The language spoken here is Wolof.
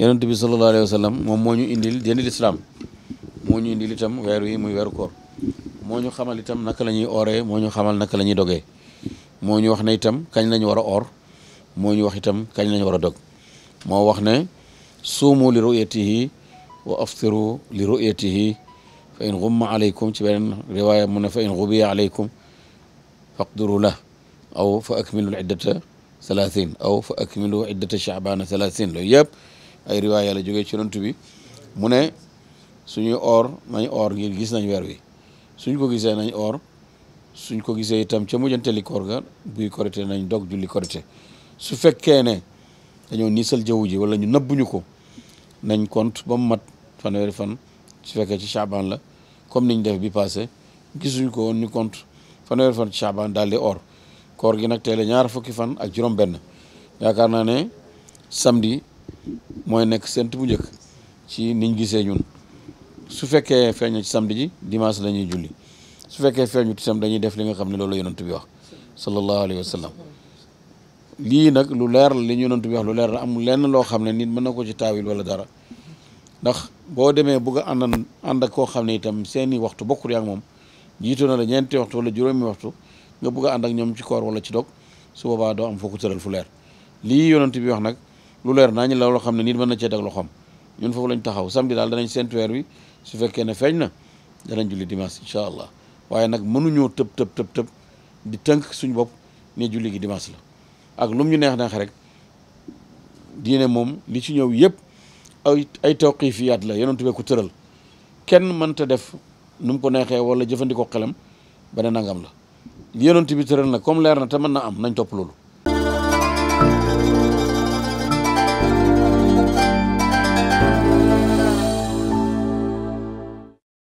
yonent bi sallallahu alayhi wa sallam moom moo ñu indil dini lislaam moo ñu indil itam weer yi muy weeru koor moo ñu xamal itam naka la ñuy ooree moo ñu xamal naka la doge moo ñu wax ne itam kañ lañu war a oor moo ñu wax itam kañ lañu war a dog moo wax ne suumu li ru'yatihi wa aftiru li ru'yatihi fa in gumma alaykum ci beneen riwaaya mu ne fa in gubiya alaykum faqduru la aw fa akmilu iddata salatin aw fa akmilu iddata chaabana yëpp ay riwaaya la jógee ci yonent bi mu ne suñuy or nañ or ngir gis nañ weer wi suñ ko gisee nañ or suñ ko gisee itam ca mujjanteli koor ga buy korité nañ dog julli korité su fekkee ne dañoo niisal jaww ji wala ñu nëbbuñu ko nañ compte ba mu mat fanweeri fan su fekkee ci Chaban la comme niñ def bi passé gisuñ ko woon ñu compte fanweeri fan ci Chaban daal di or koor gi nag teele ñaar fukki fan ak juróom-benn yaakaar naa ne samedi mooy nekk sent bu njëkk ci niñ gisee ñun su fekkee feeñ ci samedi ji dimaas lañuy ñuy julli su fekkee feeñu ci samedi dañuy def li nga xam ne loolu yonent bi wax sallallahu alayhi wa sallam lii nag lu leer la li ñu yonent bi wax lu leer la amul lenn loo xam ne nit mën na ko ci taawil wala dara ndax boo demee bëgg a àndan ànd ak koo xam ne itam seeni waxtu bokkul ak moom jiitu na la ñeenti waxtu wala juróomi waxtu nga bëgg a ànd ak ñoom ci koor wala ci dog su boobaa doo am ko tëral fu leer lii yonent bi wax nag lu leer naa ñu la loo xam ne nit mën na cee teg loxoom ñun foofu lañ taxaw samedi daal danañ séntu weer wi su fekkee ne feeñ na danañ julli dimanche incha allah waaye nag mënuñoo tëb tëb tëb tëb di tënk suñu bopp ne julli gi dimanche la ak lum ñu neex neex rek diine moom li ci ñëw yëpp ay ay tawqifiyaat la yonent bi ko tëral kenn mënta def nu mu ko neexee wala jëfandikoo xelam ba ne nangam la yonent bi tëral na comme leer na te mën na am nañ topp loolu